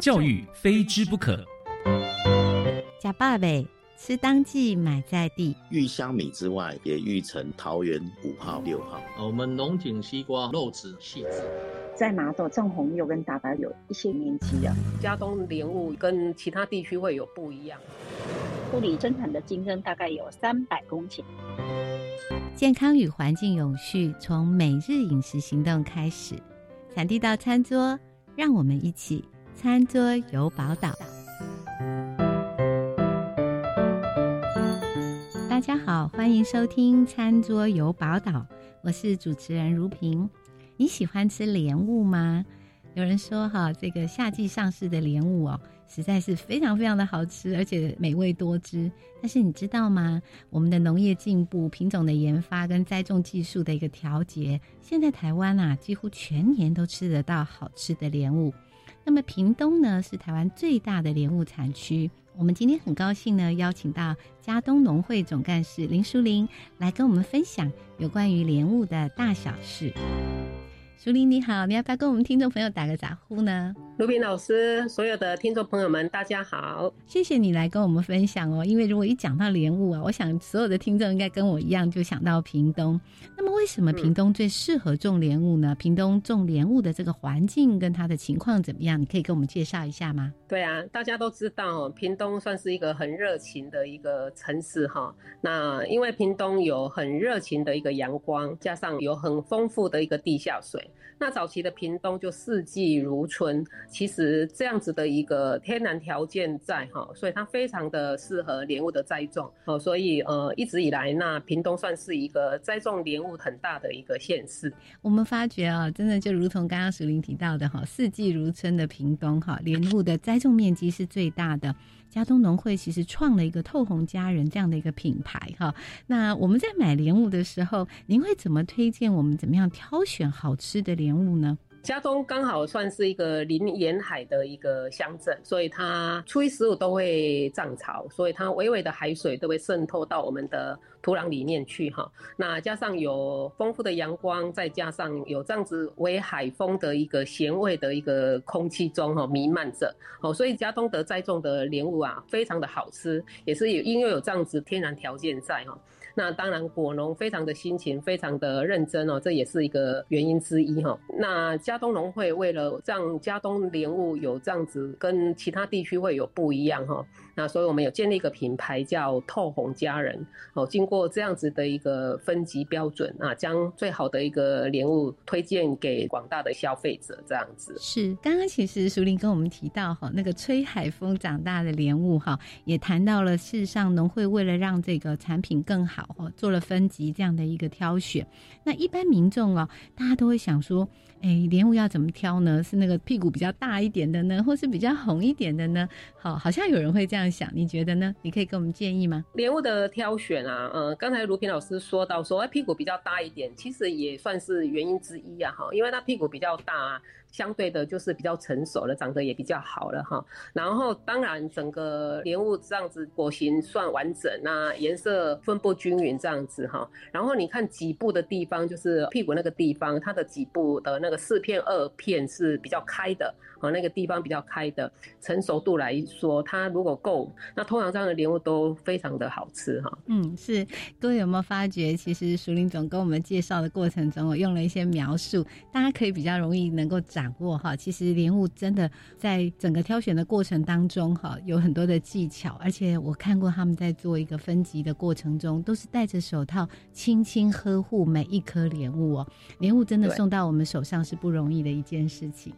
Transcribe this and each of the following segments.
教育非知不可。假爸爸吃當季買在地育香米之外，也育成桃園五號、六號。我們龍井西瓜肉質細緻，在麻豆種紅柚跟大白柚有一些年期啊，佳冬蓮霧跟其他地區會有不一樣。庫里生產的金針大概有三百公頃。健康與環境永續，從每日飲食行動開始，產地到餐桌，讓我們一起。餐桌遊寶島。大家好，歡迎收聽《餐桌遊寶島》，我是主持人如萍。你喜歡吃蓮霧嗎？有人說，哈，這個夏季上市的蓮霧哦，實在是非常非常的好吃，而且美味多汁。但是你知道嗎？我們的農業進步、品種的研發跟栽種技術的一個調節，現在台灣啊，幾乎全年都吃得到好吃的蓮霧。那麼屏東呢，是台灣最大的蓮霧產區，我們今天很高興呢，邀請到佳冬農會總幹事林淑玲來跟我們分享有關於蓮霧的大小事。淑玲你好，你要不要跟我們聽眾朋友打個招呼呢？如萍老師，所有的聽眾朋友們，大家好，謝謝你來跟我們分享哦。因為如果一講到蓮霧啊，我想所有的聽眾應該跟我一樣就想到屏東。那麼為什麼屏東最適合種蓮霧呢？嗯。屏東種蓮霧的這個環境跟它的情況怎麼樣？你可以跟我們介紹一下嗎？對啊，大家都知道屏東算是一個很熱情的一個城市哈。那因為屏東有很熱情的一個陽光，加上有很豐富的一個地下水。那早期的屏東就四季如春，其實這樣子的一個天然條件在哈，所以它非常的適合蓮霧的栽種哦，所以呃一直以來那屏東算是一個栽種蓮霧很大的一個縣市。我們發覺啊，真的就如同剛剛淑玲提到的哈，四季如春的屏東哈，蓮霧的栽種面積是最大的。佳冬農會其實創了一個透紅佳人這樣的一個品牌哈。那我們在買蓮霧的時候，您會怎麼推薦我們怎麼樣挑選好吃？的蓮霧呢？佳冬剛好算是一個臨沿海的一個鄉鎮，所以它初一十五都會漲潮，所以它微微的海水都會滲透到我們的土壤裡面去哈。那加上有豐富的陽光，再加上有這樣子微海風的一個鹹味的一個空氣中哈彌漫着哦，所以佳冬的栽種的蓮霧啊，非常的好吃，也是有因為有這樣子天然條件在哈。那當然，果農非常的辛勤，非常的認真哦，這也是一個原因之一哈、哦。那佳冬農會為了讓佳冬蓮霧有這樣子跟其他地區會有不一樣哈、哦。那所以我們有建立一個品牌叫“透紅佳人”，哦，經過這樣子的一個分級標準啊，將最好的一個蓮霧推薦給廣大的消費者，這樣子。是，剛剛其實淑玲跟我們提到哈，那個吹海風長大的蓮霧哈，也談到了世，事實上農會為了讓這個產品更好哈，做了分級這樣的一個挑選。那一般民眾哦，大家都會想說，哎，蓮霧要怎麼挑呢？是那個屁股比較大一點的呢，或是比較紅一點的呢？好，好像有人會這樣。想你覺得呢？你可以給我們建議嗎？蓮霧的挑選啊，嗯、呃，剛才如萍老師說到說，哎，屁股比較大一點，其實也算是原因之一啊，哈，因為他屁股比較大啊。相對的就是比較成熟了，長得也比較好了哈。然後當然整個蓮霧這樣子果形算完整啊，顏色分布均勻這樣子哈。然後你看底部的地方，就是屁股那個地方，它的底部的那個四片二片是比較開的，和那個地方比較開的成熟度來說，它如果夠，那通常這樣的蓮霧都非常的好吃哈。嗯，是，各位有沒有發覺，其實淑玲總跟我們介紹的過程中，我用了一些描述，大家可以比較容易能夠。掌握哈，其實蓮霧真的在整個挑選的過程當中哈，有很多的技巧，而且我看過他們在做一個分級的過程中，都是戴着手套，輕輕呵護每一顆蓮霧哦。蓮霧真的送到我們手上是不容易的一件事情。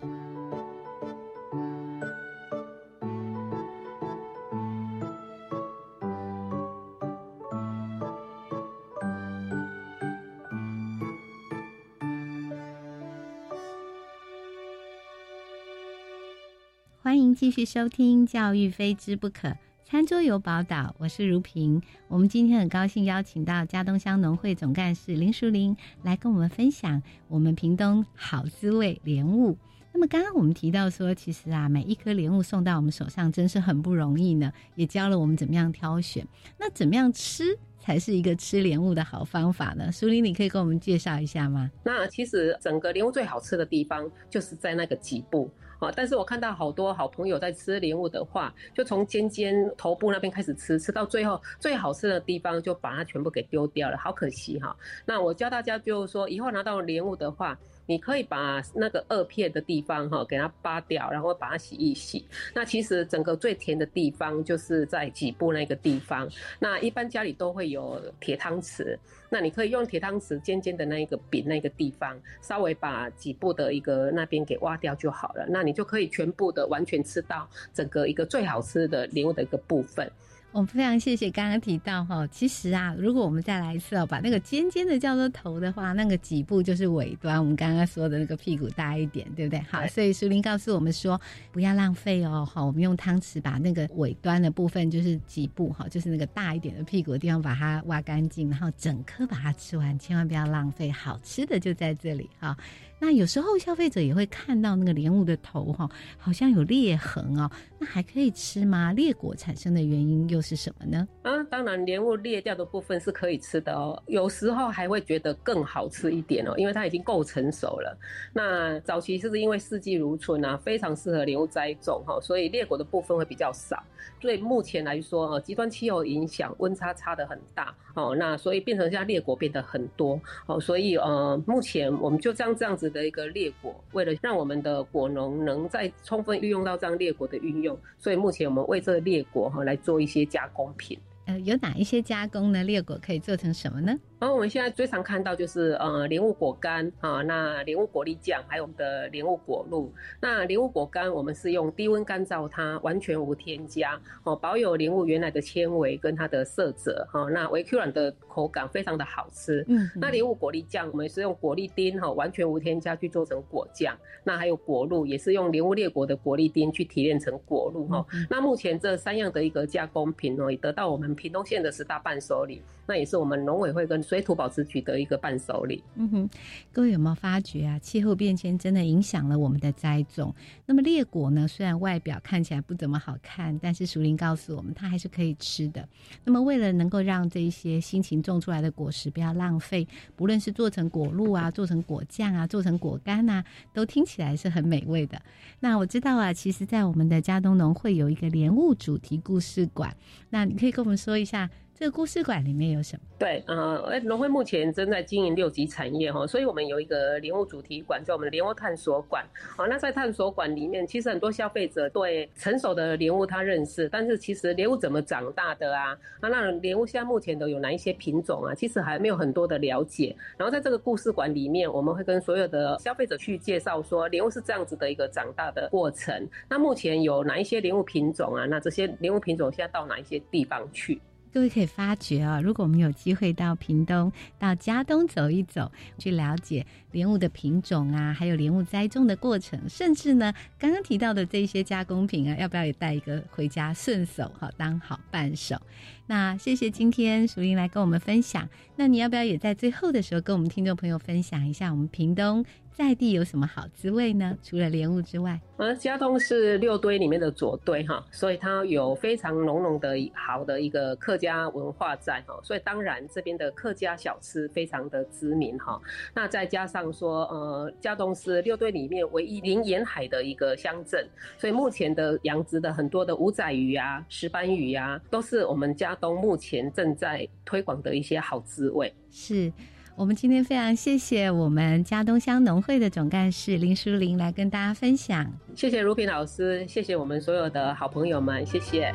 繼續收聽教育非知不可，餐桌遊寶島，我是如萍。我們今天很高興邀請到佳冬鄉農會總幹事林淑玲來跟我們分享我們屏東好滋味蓮霧。那麼剛剛我們提到說，其實啊，每一顆蓮霧送到我們手上，真是很不容易呢。也教了我們怎麼樣挑選。那怎麼樣吃才是一個吃蓮霧的好方法呢？淑玲，你可以跟我們介紹一下嗎？那其實整個蓮霧最好吃的地方就是在那個底部。啊！但是我看到好多好朋友在吃蓮霧的話，就從尖尖頭部那邊開始吃，吃到最後最好吃的地方就把它全部給丟掉了，好可惜哈、哦。那我教大家就是說，以後拿到蓮霧的話。你可以把那個二片的地方哈，給它扒掉，然後把它洗一洗。那其實整個最甜的地方就是在底部那個地方。那一般家裡都會有鐵湯匙，那你可以用鐵湯匙尖尖的那個柄那個地方，稍微把底部的一個那邊給挖掉就好了。那你就可以全部的完全吃到整個一個最好吃的蓮霧的一個部分。我非常謝謝剛剛提到哈，其實啊，如果我們再來一次哦，把那個尖尖的叫做頭的話，那個底部就是尾端。我們剛剛說的那個屁股大一點，對不對？好，所以淑玲告訴我們說，不要浪費哦。好，我們用湯匙把那個尾端的部分，就是底部哈，就是那個大一點的屁股的地方，把它挖乾淨，然後整顆把它吃完，千萬不要浪費，好吃的就在這裡哈。那有時候消費者也會看到那個蓮霧的頭哈、哦，好像有裂痕哦，那還可以吃嗎？裂果產生的原因又是什麼呢？啊，當然蓮霧裂掉的部分是可以吃的哦，有時候還會覺得更好吃一點哦，因為它已經夠成熟了。那早期是不是因為四季如春啊，非常適合蓮霧栽種哈、哦，所以裂果的部分會比較少。對目前來說，呃，極端氣候影響，溫差差的很大哦，那所以變成像裂果變得很多哦，所以呃，目前我們就這樣這樣子。的一個裂果，為了讓我們的果農能再充分運用到這樣裂果的運用，所以目前我們為這個裂果哈來做一些加工品。呃，有哪一些加工呢？裂果可以做成什麼呢？然、啊、後我們現在最常看到就是呃蓮霧果乾啊，那蓮霧果粒醬，還有我們的蓮霧果露。那蓮霧果乾我們是用低溫乾燥它，它完全無添加，哦保有蓮霧原來的纖維跟它的色澤哈、哦。那維 Q 軟的口感非常的好吃。嗯，嗯。那蓮霧果粒醬我們是用果粒丁哈，完全無添加去做成果醬。那還有果露也是用蓮霧裂果的果粒丁去提煉成果露哈、嗯嗯哦。那目前這三樣的一個加工品哦，也得到我們屏東縣的十大伴手禮。那也是我們農委會跟所以土寶持取得一個伴手禮。嗯哼，各位有沒有發覺啊？氣候變遷真的影響了我們的栽種。那麼裂果呢？雖然外表看起來不怎麼好看，但是淑玲告訴我們，它還是可以吃的。那麼為了能夠讓這一些辛勤種出來的果實不要浪費，不論是做成果露啊、做成果醬啊、做成果乾啊，都聽起來是很美味的。那我知道啊，其實在我們的佳冬農會有一個蓮霧主題故事館。那你可以跟我們說一下，這個故事館裡面有什麼？對，呃，哎，農會目前正在經營六級產業哈，所以我們有一個蓮霧主題館，叫我們的蓮霧探索館。哦，那在探索館裡面，其實很多消費者對成熟的蓮霧他認識，但是其實蓮霧怎麼長大的啊？那那蓮霧現在目前都有哪一些品種啊？其實還沒有很多的了解。然後在這個故事館裡面，我們會跟所有的消費者去介紹說，蓮霧是這樣子的一個長大的過程。那目前有哪一些蓮霧品種啊？那這些蓮霧品種現在到哪一些地方去？各位可以發覺哦、啊，如果我們有機會到屏東、到佳冬走一走，去了解蓮霧的品種啊，還有蓮霧栽種的過程，甚至呢，剛剛提到的這些加工品啊，要不要也帶一個回家，順手哈當好伴手？那謝謝今天淑玲來跟我們分享。那你要不要也在最後的時候跟我們聽眾朋友分享一下我們屏東？在地有什麼好滋味呢？除了蓮霧之外，呃，佳冬是六堆裡面的左堆哈，所以它有非常濃濃的好的一個客家文化在哈，所以當然這邊的客家小吃非常的知名哈。那再加上說，呃，佳冬是六堆裡面唯一臨沿海的一個鄉鎮，所以目前的養殖的很多的午仔魚啊、石斑魚啊，都是我們佳冬目前正在推廣的一些好滋味。是。我們今天非常謝謝我們佳冬鄉農會的總幹事林淑玲來跟大家分享。謝謝如萍老師，謝謝我們所有的好朋友們，謝謝。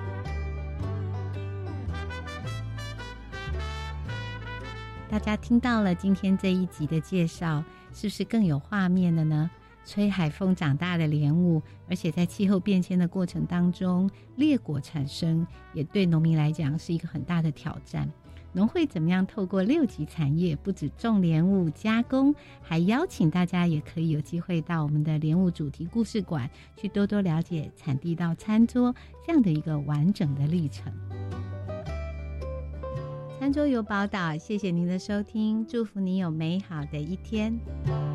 大家聽到了今天這一集的介紹，是不是更有畫面了呢？吹海風長大的蓮霧，而且在氣候變遷的過程當中，裂果產生也對農民來講是一個很大的挑戰。農會怎麼樣？透過六級產業，不止種蓮霧加工，還邀請大家也可以有機會到我們的蓮霧主題故事館去多多了解產地到餐桌這樣的一個完整的歷程。餐桌遊寶島，謝謝您的收聽，祝福你有美好的一天。